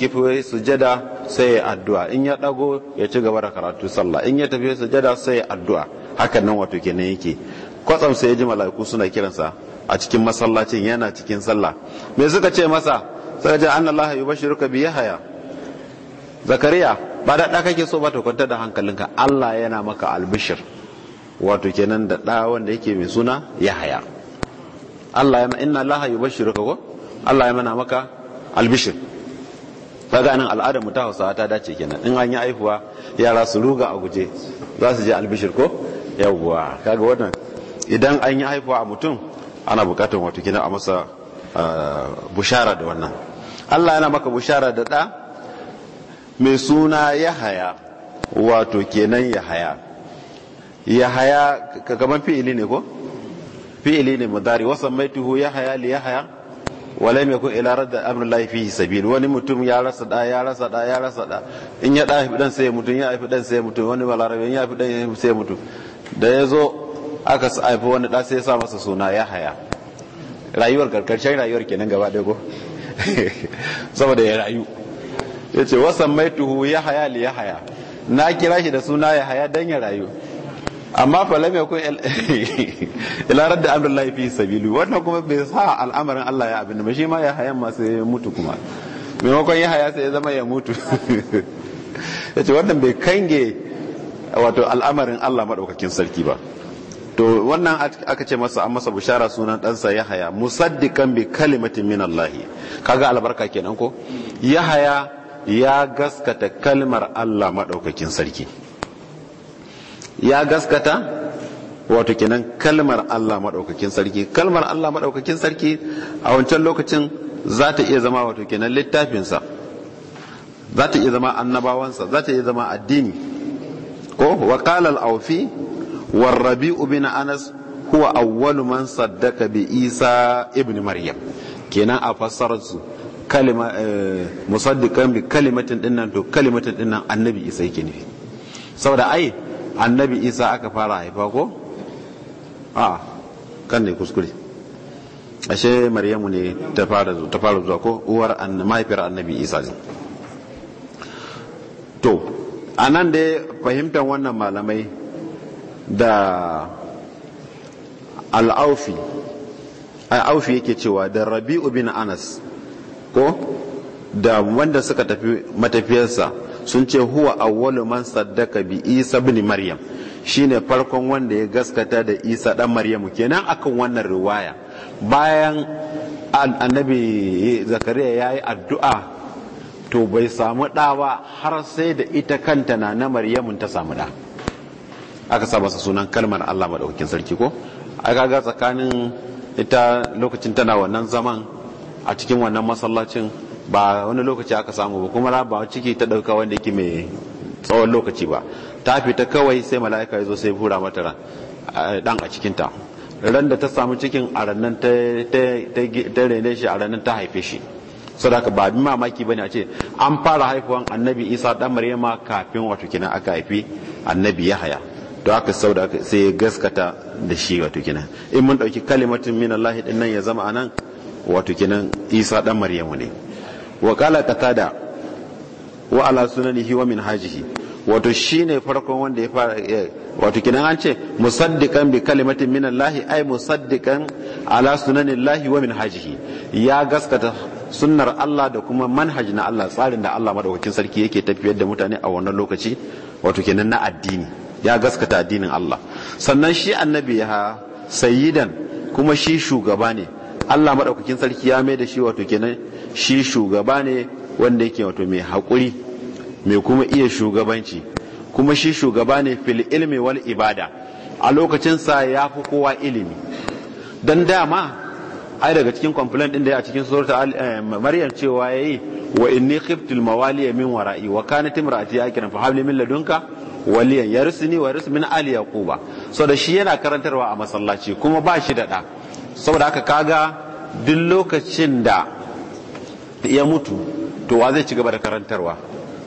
su sujada sai ya addu'a in ya dago ya ci gaba da karatu sallah in ya tafi sujada sai ya addu'a hakan nan wato kenan yake kwatsam sai ya ji mala'iku suna kiransa a cikin masallacin yana cikin sallah me suka ce masa sai ji annallaha yubashiruka bi yahya zakariya ba da ɗa kake so ba ta kwanta da hankalinka Allah yana maka albishir wato kenan da ɗa wanda yake mai suna haya Allah yana inna laha yubashiruka ko Allah ya mana maka albishir kaga nan al'adar mu ta Hausawa ta dace kenan in an yi aihuwa yara su ruga a guje za su je albishir ko yawwa kaga wannan idan an yi aihuwa a mutum ana bukatar wato kenan a masa ah, bushara da wannan Allah yana maka bushara da da mai suna Yahaya wato kenan Yahaya Yahaya kaman fi'ili ne ko fi'ili ne mudari wasan maituhu Yahaya li Yahaya mai kun ila radda amrullahi fihi sabil wani mutum ya rasa da ya rasa da ya rasa da in ya dafi dan sai mutum ya haifi dan sai mutum wani balarabe in ya haifi dan sai mutum da ya zo aka haifi wani da sai ya sa masa suna ya haya rayuwar karkashin rayuwar kenan gaba ɗaya ko [LAUGHS] saboda ya rayu ya ce wasan maituhu ya haya li ya haya na kira shi da suna ya haya dan ya rayu amma fa lam yakun [LAUGHS] ila radd amrullahi fi sabili wannan kuma bai sa al'amarin Allah ya abin ba shi ma ya hayan ma sai mutu kuma makon ya haya sai ya zama ya mutu [LAUGHS] yace wannan bai kange wato al'amarin Allah madaukakin sarki ba to wannan aka ce masa an masa bushara sunan ɗansa ya haya musaddiqan bi kalimatin min Allah kaga albarka kenan ko ya haya ya gaskata kalmar Allah madaukakin sarki ya gaskata wato kenan kalmar Allah maɗaukakin sarki kalmar Allah maɗaukakin sarki a wancan lokacin za ta iya zama wato kenan littafinsa za ta iya zama annabawansa za ta iya zama addini ko wa qala al-awfi war rabi'u bin anas huwa awwalu man saddaka bi isa ibn maryam kenan a fassarar su kalima eh, musaddiqan bi kalimatin dinnan to kalimatin dinnan annabi isa yake nufi saboda ai annabi isa aka fara haifa ko a kan ne kuskure ashe maryamu ne ta fara zuwa ko uwar mahaifiyar annabi isa ne to a nan da fahimtar wannan malamai da al'aufi al'aufi yake cewa da rabi'u bin anas ko da wanda suka tafi matafiyarsa sun ce huwa awwalu man saddaka bi isa bin maryam shine farkon wanda ya gaskata da isa dan maryamu kenan akan wannan riwaya bayan annabi zakariya ya yi addu'a to bai samu ɗa ba har sai da ita kanta na na maryamun ta samu ɗa aka sa masa sunan kalmar allah maɗaukakin sarki ko aka ga tsakanin ita lokacin tana wannan zaman a cikin wannan masallacin ba wani lokaci aka samu ba kuma ba ciki ta dauka wanda yake mai tsawon lokaci ba ta fita kawai sai mala'ika ya zo sai hura mata ran dan a cikin ta ran da ta samu cikin a rannan ta ta rene shi a rannan ta haife shi saboda ba bi mamaki bane a ce an fara haifuwan annabi isa dan maryama kafin wato aka haifi annabi yahaya to aka sauda sai gaskata da shi wato in mun dauki kalimatin min Allah ya zama anan wato kinan isa dan maryamu ne wa qala qatada wa ala sunanihi wa wato shine farkon wanda ya fara wato kinan an ce musaddiqan bi kalimatin min Allah ay musaddiqan ala sunanillahi wa min hajihi ya gaskata sunnar Allah da kuma manhaj na Allah tsarin da Allah madaukakin sarki yake tafiyar da mutane a wannan lokaci wato kenan na addini ya gaskata addinin Allah sannan shi annabi ya sayyidan kuma shi shugaba ne Allah madaukakin sarki ya mai da shi wato kenan shi shugaba ne wanda yake wato mai haƙuri mai kuma iya shugabanci kuma shi shugaba ne fil ilmi wal ibada a lokacinsa ya fi kowa ilimi don dama ai daga cikin complaint din da a cikin surta eh, maryam cewa yayi wa inni khiftul mawaliya min wara'i wa kanat imraati akiran fa habli min ladunka waliyan yarsini wa risu min ali yaquba so da shi yana karantarwa a masallaci kuma ba shi da da saboda haka kaga duk lokacin da iya mutu to wa zai ci gaba da karantarwa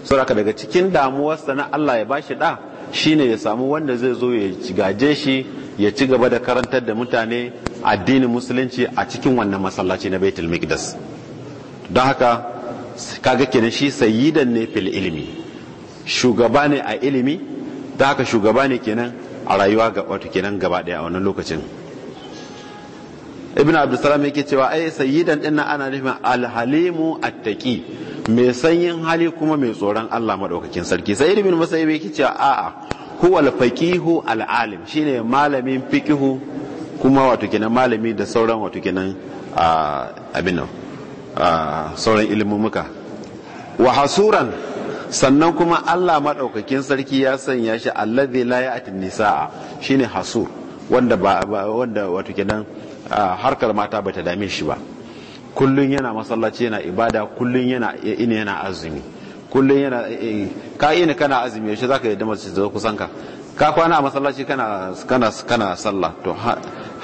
saboda daga cikin damuwarsa na Allah ya bashi da shine ya samu wanda zai zo ya gaje shi ya ci gaba da karantar da mutane addinin musulunci a cikin wannan masallaci na Baitul Maqdis don haka kaga kenan shi sayyidan ne fil ilimi shugaba ne a ilimi don haka shugaba ne kenan a rayuwa ga wato kenan gaba daya a wannan lokacin ibn abdulsalam yake cewa ai sayyidan din nan ana nufin alhalimu attaqi mai sanyin hali kuma mai tsoron Allah madaukakin sarki sayyid ibn musayyib yake cewa a'a huwa alfaqihu alalim shine malamin fiqhu kuma wato kenan malami da sauran wato kenan abin nan sauran ilmumuka wa hasuran sannan kuma Allah madaukakin sarki ya sanya shi alladhi la ya'ti nisaa shine hasur wanda ba wanda wato kenan harkar mata bata dame shi ba kullun yana masallaci yana ibada kullun yana ina yana azumi kullun yana eh, eh, ka ina kana azumi yaushe zaka yadda mace ta zo kusan ka ka kwana a masallaci kana kana kana sallah to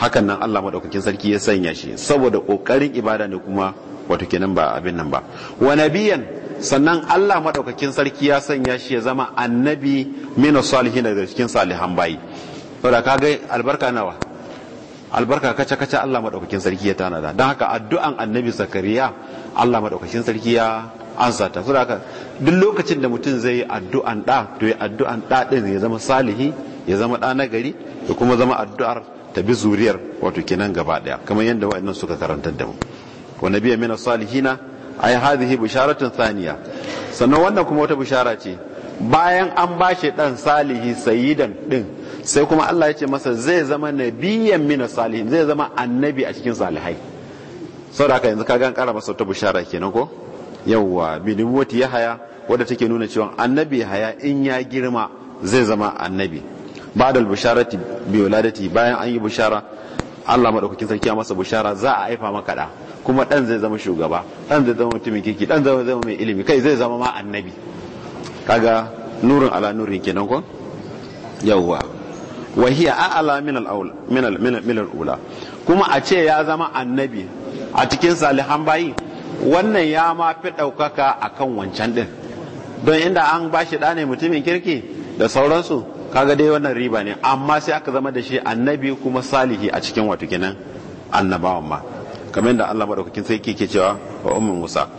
hakan nan Allah madaukakin sarki ya sanya shi saboda kokarin ibada ne kuma wato kenan ba abin nan ba wa nabiyan sannan Allah maɗaukakin sarki ya sanya shi ya zama annabi min salihin daga cikin salihan bayi saboda kaga albarka nawa albarka kaca kaca Allah madaukakin sarki ya tanada don haka addu'an annabi zakariya Allah maɗaukakin sarki ya ansa ta saboda haka duk lokacin da mutum zai yi addu'an da to ya addu'an da din ya zama salihi ya zama da nagari ya kuma zama addu'ar ta bi zuriyar wato kenan gaba daya kamar yadda wa'annan suka karantar da mu wa nabiyya min salihina ay hadhihi bisharatun thaniya sannan wannan kuma wata bishara ce bayan an bashi dan salihi sayyidan din sai kuma Allah ya ce masa zai zama nabiyan mina salihin zai zama annabi a cikin salihai da haka yanzu kaga an kara masa bushara bishara kenan ko yawwa bi ya haya wadda take nuna cewa annabi haya in ya girma zai zama annabi ba'dal bisharati bi bayan an yi bishara Allah maɗaukakin sarki ya masa bishara za a haifa maka ɗa kuma ɗan zai zama shugaba ɗan zai zama mutumin kirki ɗan zai zama mai ilimi kai zai zama ma annabi kaga nurin ala nurin kenan ko yawwa wa hiya a'la min al-ula kuma a ce ya zama annabi a cikin salihan bayi wannan ya ma fi ɗaukaka akan wancan din don inda an bashi da ne mutumin kirki da sauransu kaga dai wannan riba ne amma sai aka zama da shi annabi kuma salihi a cikin wato kenan annabawan ma kamar yadda Allah madaukakin sai ke cewa wa ummu Musa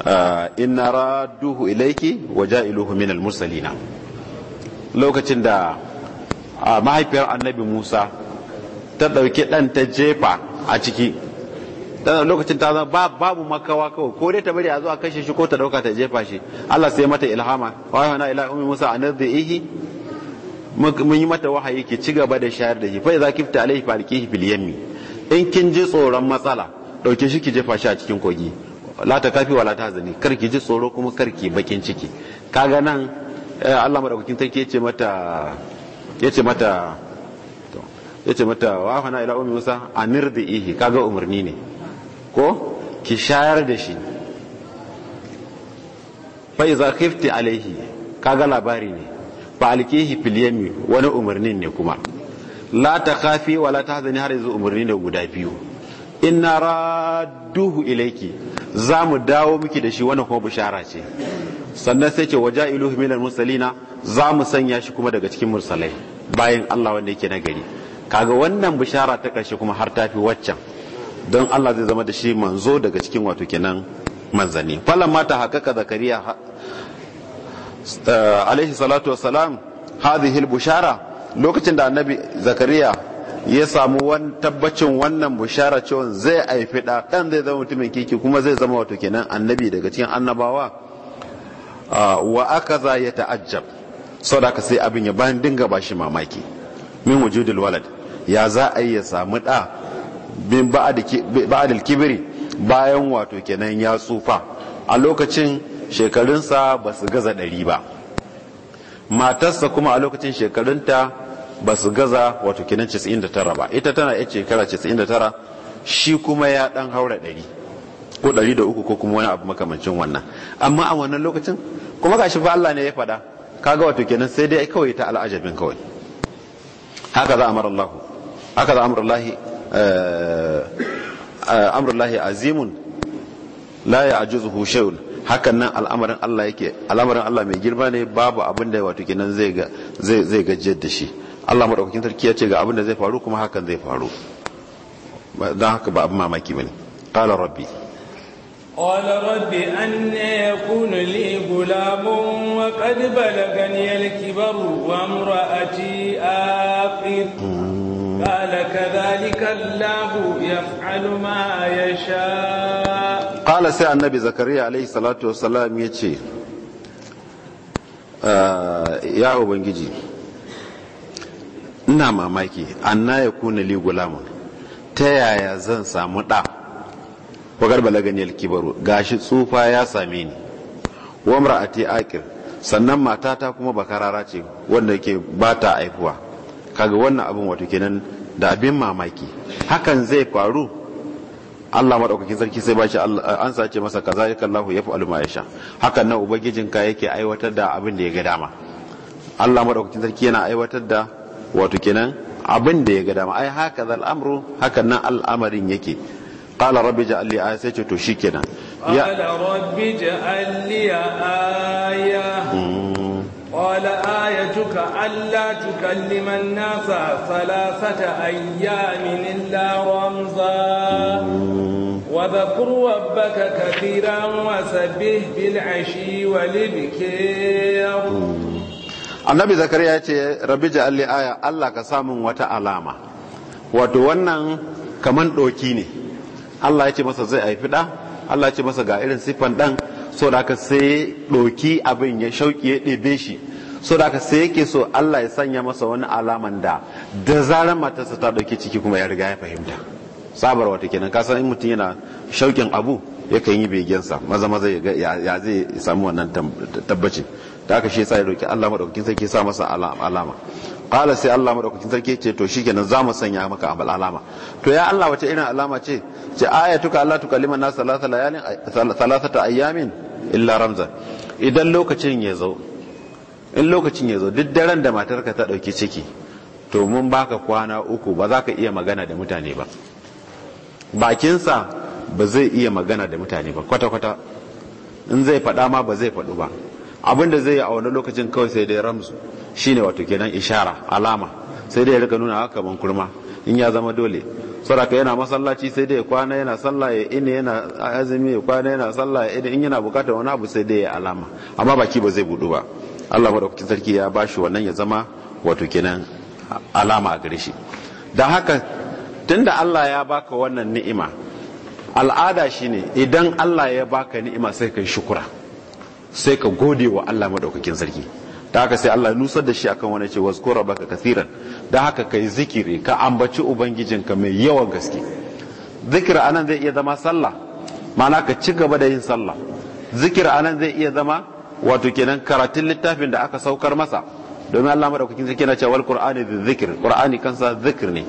ah, inna raduhu ilayki wa ja'iluhu al mursalina lokacin da a mahaifiyar annabi musa ta ɗauki ɗan ta jefa a ciki ɗan lokacin ta zama babu makawa kawai ko dai ta bari a zuwa kashe shi ko ta ɗauka ta jefa shi allah sai mata ilhama wa na ila ummi musa a nadhihi mun yi mata wahayi ki ci gaba da shayar da shi fa idza kifta alayhi farqihi bil yammi in kin ji tsoron matsala dauke shi ki jefa shi a cikin kogi la ta kafi wala ta zani kar ki ji tsoro kuma kar ki bakin ciki kaga nan eh, Allah madaukakin take ce mata yace mata to yace mata wa afana ila ummi musa anirdihi kaga umarni ne ko ki shayar da shi fa iza khifti alaihi kaga labari ne fa alkihi fil yami wani umarni ne kuma la ta khafi wa la tahzani har yanzu umarni ne guda biyu inna radduhu ilayki za mu dawo miki da shi wannan kuma bishara ce sannan sai ce waja iluhu minal musalina za mu sanya shi kuma daga cikin mursalai bayan Allah wanda yake nagari kaga wannan bishara ta ƙarshe kuma har ta fi waccan don Allah zai zama da shi manzo daga cikin wato kenan manzanni falan mata hakaka zakariya eh, alaihi salatu wassalam hadhihi bushara lokacin da annabi zakariya ya samu tabbacin wannan bushara cewa zai haifi da ɗan zai zama mutumin kiki kuma zai zama wato kenan annabi daga cikin annabawa ah, wa aka za ya ta'ajjab sau da aka sai abin ya bayan dinga ba shi mamaki min wujudul walad ya za a yi ya samu da bin ba'adil kibiri bayan wato kenan ya tsufa a lokacin shekarunsa ba su gaza ɗari ba matarsa kuma a lokacin shekarunta ba su gaza wato kenan 99 ba ita tana yace shekara 99 shi kuma ya dan haura ɗari ko ɗari da uku ko kuma wani abu makamancin wannan amma a wannan lokacin kuma gashi ba Allah ne ya faɗa kaga wato kenan sai dai kawai ta al'ajabin kawai haka za amara Allah haka za amara Allah eh, eh, amru Allah azimun la ya'juzuhu shay'un hakan nan al'amarin Allah yake al'amarin Allah mai girma ne babu abin da wato kenan zai ga zai zai gajiyar da shi Allah madaukakin sarki ya ce ga abin da zai faru kuma hakan zai faru dan haka ba abin mamaki bane qala rabbi قال رب أن يكون لي غلام وقد بلغني الكبر وامرأتي آقر قال كذلك الله يفعل ما يشاء قال سيدنا النبي زكريا عليه الصلاة والسلام يتشي ya ubangiji ina mamaki anna ya kuna li gulamun ta yaya zan samu ɗa wa garba lagani alkibaru gashi tsufa ya same ni wa a akir sannan matata kuma bakarara ce wanda yake ba ta aifuwa kaga wannan abin wato kenan da abin mamaki hakan zai faru Allah madaukakin sarki sai bashi an sace masa kaza kallahu ya fa'alu ma yasha hakan nan ubangijin ka yake aiwatar da abin da ya ga dama Allah madaukakin sarki yana aiwatar da wato kenan abin da ya ga dama ai haka zal amru hakan nan al'amarin yake qala rabbi ji li aya sai ce to shikenan ya qala rabbi ja'al li aya qala ayatuka alla tukallima an-nasa thalathata ba illa ramza وذكر ربك كثيرا وسبه بالعشي والبكير annabi zakariya ya ce rabbi ja'alli aya Allah ka samun wata alama wato wannan kaman ɗoki ne Allah ya ce masa zai haifi ɗa Allah ya ce masa ga irin siffan ɗan so da aka sai ɗoki abin ya shauki ya ɗebe shi so da aka sai yake so Allah ya sanya masa wani alaman da da zarar matarsa ta ɗauki ciki kuma ya riga ya fahimta sabar wata kenan ka san in mutum yana shauƙin abu ya kan yi begensa maza maza ya zai samu wannan tabbacin da aka shi ya sa ya roƙi Allah madaukakin sai ke sa masa alama kala sai Allah madaukakin sarki ce to shikenan za mu sanya maka abal alama to ya Allah wace irin alama ce ce ayatuka Allah tukallima nas salasa layalin ta ayamin illa ramza idan lokacin ya zo in lokacin ya zo duk daren da matarka ta dauki ciki to mun baka kwana uku ba za ka iya magana da mutane ba bakinsa ba zai iya magana da mutane ba kwata-kwata in zai faɗa ma ba zai faɗu ba abinda zai yi a wani lokacin kawai sai dai ramzu shine wato kenan ishara alama sai dai ya rika nuna haka ban kurma in ya zama dole saraka yana masallaci sai dai kwana yana sallah ya ina yana azumi ya kwana yana sallah ya ina in yana bukatar wani abu sai dai ya alama amma baki ba zai budu ba Allah madaukakin sarki ya bashi wannan ya zama wato kenan alama a gare shi dan haka tunda Allah ya baka wannan ni'ima al'ada shine idan Allah ya baka ni'ima sai kai shukura sai ka gode wa Allah madaukakin sarki da haka sai Allah nusar da shi akan wani ce wazkura baka kathiran da haka kai zikiri ka ambaci ubangijinka mai yawan gaske zikir anan zai iya zama sallah ma'ana ka ci gaba da yin sallah zikir anan zai iya zama wato kenan karatun littafin da aka saukar masa domin Allah madaukakin zikir na cewa alqur'ani da zikir qur'ani kansa zikir ne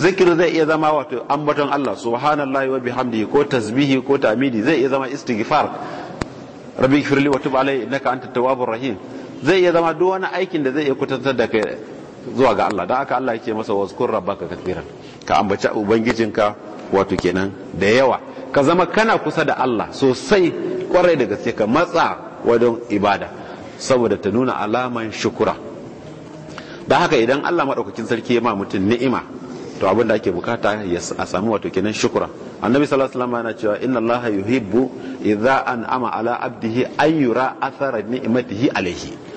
zikir zai iya zama wato ambaton Allah subhanallahi wa bihamdihi ko tasbihi ko tamidi zai iya zama istighfar rabbi firli wa tub alayhi innaka antat tawwabur rahim zai iya zama duk wani aikin da zai iya kutantar da kai zuwa ga Allah don haka Allah yake masa wasu kun rabba, ka ka ambaci ubangijinka wato kenan da yawa ka zama kana kusa da Allah sosai kwarai da gaske ka matsa wajen ibada saboda ta nuna alaman shukura da haka idan Allah maɗaukakin sarki ya ma mutum ni'ima to abin da ake bukata ya a samu wato kenan shukura annabi sallallahu alaihi wasallam yana cewa inna allaha yuhibbu idza an'ama ala abdihi ayyura Asarar, athara ni'matihi alaihi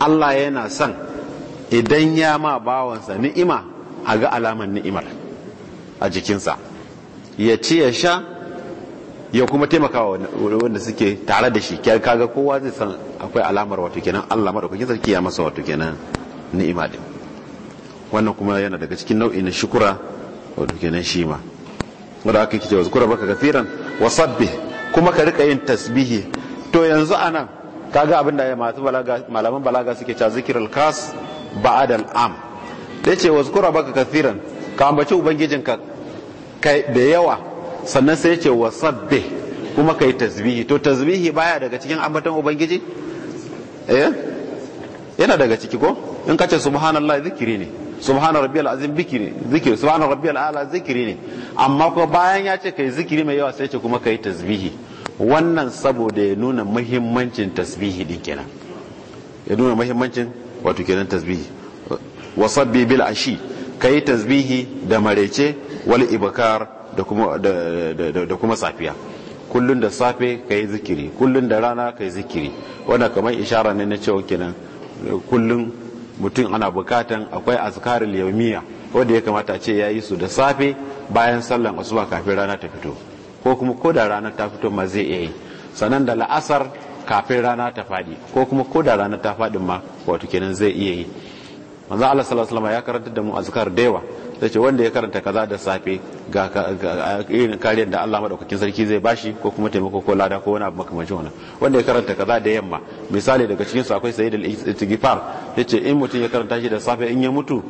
Allah yana son idan ya ma bawansa ni'ima a ga alamar ni'imar a jikinsa ya ci ya sha ya kuma taimaka wa wanda suke tare da shi kaga kowa zai san akwai alamar wato kenan Allah madaukakin sarki ya masa wato kenan ni'ima din wannan kuma yana daga cikin nau'i na shukura wato kenan shi ma wanda aka kike wa zukura baka gafiran wasabbi kuma ka rika yin tasbihi to yanzu anan kaga abin da masu balaga malaman balaga suke ta zikirul kas ba'adal am da ce wazkura baka kathiran ka ambaci ubangijinka kai da yawa sannan sai ce wasabbe kuma kai tasbihi to tasbihi baya daga cikin ambaton ubangiji eh yana daga ciki ko in kace subhanallah zikiri ne subhana rabbiyal azim zikiri zikiri subhana rabbiyal ala zikiri ne amma ko bayan ya ce kai zikiri mai yawa sai ce kuma kai tasbihi wannan saboda ya nuna muhimmancin tasbihi din kenan ya nuna muhimmancin wato kenan tasbihi sabbi bil ashi kai tasbihi da marece wal ibkar da kuma da kuma safiya kullun da safe kai zikiri kullun da rana kai zikiri wannan kamar ishara ne na cewa kenan kullun mutum ana bukatan akwai azkarul yawmiya wanda ya kamata a ce yayi su da safe bayan sallan asuba kafin rana ta fito ko kuma ko da rana ta fito ma zai iya yi sannan da la'asar kafin rana ta faɗi ko kuma ko da rana ta faɗi ma wato kenan zai iya yi manzo Allah sallallahu alaihi ya karanta da mu azkar da yawa sai ce wanda ya karanta kaza da safe ga irin kariyar da Allah madaukakin sarki zai bashi ko kuma taimako ko lada ko wani abu makamancin wannan wanda ya karanta kaza da yamma misali daga cikin su akwai sayyid al-istighfar yace in mutum ya karanta shi da safe in ya mutu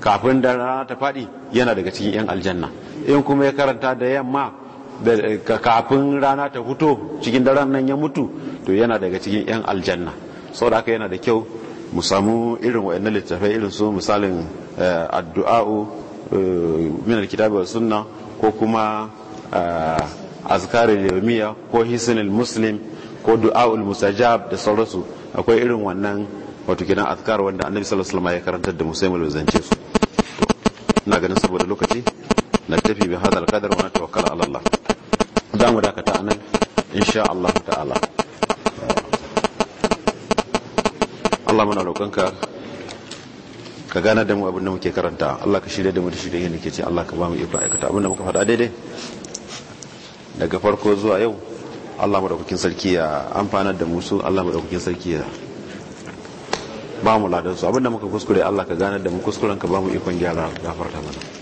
kafin da rana ta fadi yana daga cikin yan aljanna in kuma ya karanta da yamma Eh, kafin rana ta fito cikin daren nan ya mutu to yana daga cikin 'yan aljanna saboda haka yana da kyau mu samu irin waɗannan littafai irin su misalin eh, addu'a'u eh, min alkitabi wa sunna ko kuma azkarin yawmiya ko hisnul muslim ko du'a'ul musajab da sauransu akwai irin wannan wato gidan azkar wanda annabi sallallahu alaihi wasallam ya karantar da musaimul zance su ina ganin saboda lokaci naktafi bi hadha al-qadr wa natawakkal ala Allah za mu dakata anan insha Allah ta'ala Allah muna roƙonka ka gana da mu abin da muke karanta Allah ka shirya da mu da shirye ne ke ce Allah ka ba mu ikon aikata abin da muka fada daidai daga farko zuwa yau Allah madaukakin sarki ya amfanar da musu Allah madaukakin sarki ya ba mu ladan su abinda muka kuskure Allah ka ganar da mu kuskuren ka ba mu ikon gyara gafarta mana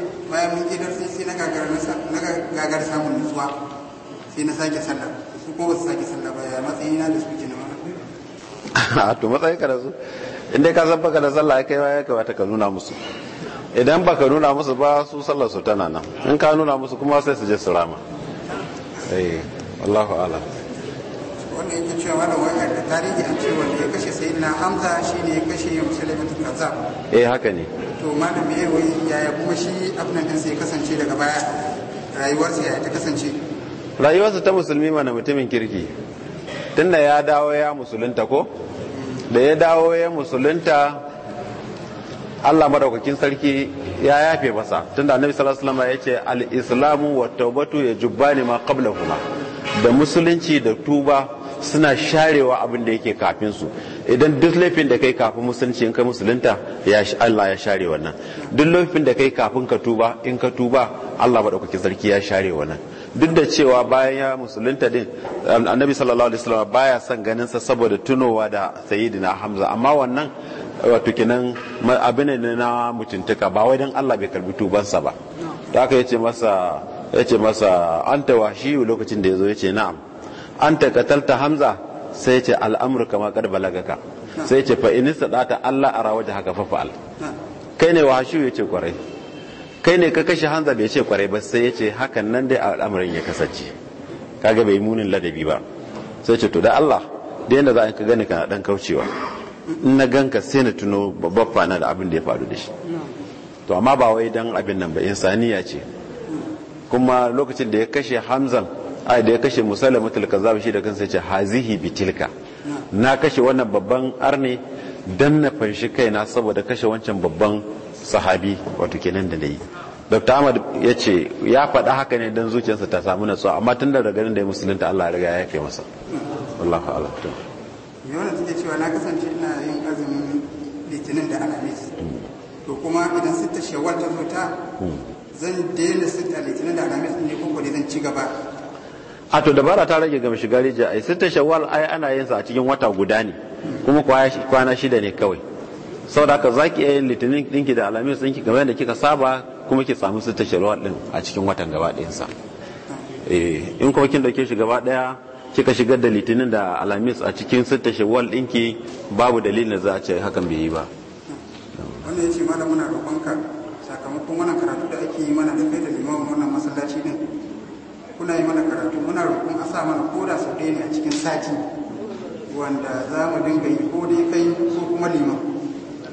bayan mun je darasi sai na gagar samun nutsuwa sai na sake sallah su ko ba su sake sallah ba ya matsayi na da su ke [LAUGHS] a to matsayi ka da su inda ka zaba ka da sallah ya kaiwa ya kamata ka nuna musu idan ba ka nuna musu ba su sallar su tana nan in ka nuna musu kuma sai su je su rama eh Allahu a'lam wanda yake cewa da wayar da tarihi an ce wanda ya kashe sayyidina Hamza shine ya kashe Musailamatul Kazzab eh haka ne to malam me yayi yaya kuma shi abin din sai kasance daga baya rayuwarsa yaya ta kasance rayuwarsa ta musulmi mana mutumin kirki tunda ya dawo ya musulunta ko da ya dawo ya musulunta Allah madaukakin sarki ya yafe masa tunda annabi sallallahu alaihi wasallam ya ce al-islamu wa tawbatu jubbani ma qablahuma da musulunci da tuba suna sharewa abin da yake kafin su idan duk laifin da kai kafin musulunci in ka musulunta ya Allah ya share wannan duk laifin da kai kafin ka tuba in ka tuba Allah madaukakin sarki ya share wannan duk da cewa bayan ya musulunta din annabi sallallahu alaihi wasallam baya son ganin sa saboda tunowa da sayyidina Hamza amma wannan wato kenan abin ne na mutuntuka ba wai dan Allah bai karbi sa ba da aka yace masa yace masa anta washi lokacin da yazo yace na'am an ta hamza sai ce al’amur kama kar balagaka sai ce fa da ta Allah ara da haka fa kai ne wahashu ce kwarai kai ne ka kashe hamza bai ce kwarai ba sai ya ce hakan nan dai al'amarin ya kasance kaga bai munin ladabi ba sai ce to da Allah da yadda za ka gani kana dan kaucewa in na ganka sai na tuno babba fana da abin da ya faru da shi to amma ba wai dan abin nan ba insaniya ce kuma lokacin da ya kashe hamzan a da ya kashe tilka kazzab shi da kansa ce hazihi bi tilka na kashe wannan babban arne dan na fanshi kaina saboda kashe wancan babban sahabi wato kenan da yi. dr ahmad ya ce ya faɗa haka ne dan zuciyarsa ta samu tsawa amma tun da daga da ya musulunta allah ya riga ya yafe masa wallahu ala to yana take cewa na kasance ina yin azumin litinin da alhamis hmm. to kuma idan sitta shawwal ta zo ta hmm. zan daina sitta litinin da alhamis ne ko ko zan ci gaba a to dabara ta rage game shiga rijiya ai sitta shawwal ai ana yin sa a cikin wata guda ne kuma kwana shida ne kawai saboda haka zaki yin litinin dinki da alamis dinki game da kika saba kuma ki samu sitta shawwal din a cikin watan gaba ɗayan sa eh in kuma kin dauke shi gaba daya kika shigar da litinin da alamis a cikin sitta shawwal dinki babu dalilin za a ce hakan bai yi ba wannan yace malam muna roƙonka sakamakon wannan karatu da ake yi mana da kai da limamin wannan masallaci din kuna yi mana karatu muna roƙon a sa mana koda su ɗaya ne a cikin sati wanda za mu dinga yi ko dai kai ko kuma liman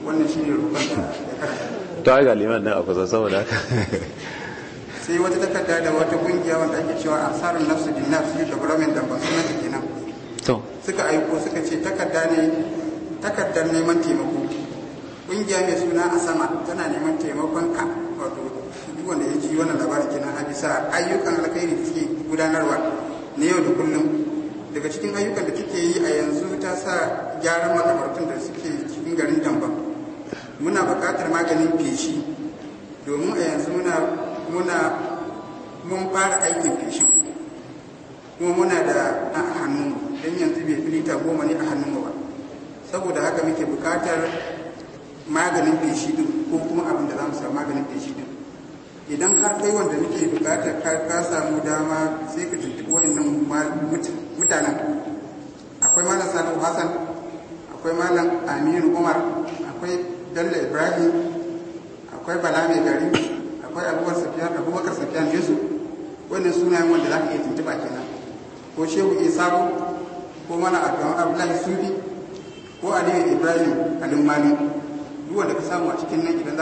wannan shi ne roƙon da ya karatu to ga liman nan a kusa saboda haka sai wata takarda da wata kungiya wanda ake cewa tsarin nafsu din nafsu development da ba sunan ta kenan suka aiko suka ce takarda ne takardar neman taimako ƙungiya mai suna a sama tana neman taimakon ka wato wanda ya ji wannan labari kenan a bisa ayyukan alkhairi da suke gudanarwa na yau da kullum daga cikin ayyukan da take yi a yanzu ta sa gyaran makamartun da suke cikin garin damba muna buƙatar maganin feshi domin a yanzu muna mun fara aikin feshi kuma muna da a hannu don yanzu bai fili lita goma ne a hannun ba saboda haka muke bukatar maganin feshi din ko kuma abin da za mu samu maganin feshi din idan har kai wanda muke bukata ka samu dama sai ka tuntuɓi wa'annan mutanen akwai malam salihu hassan akwai malam aminu umar akwai bello ibrahim akwai bala mai gari akwai abubakar safiyan abubakar safiyan yusuf wannan sunayen wanda za ka iya tuntuɓa kenan ko shehu isabu ko mana addu'an abdullahi sufi ko aliyu ibrahim alimani duk wanda ka samu a cikin nan idan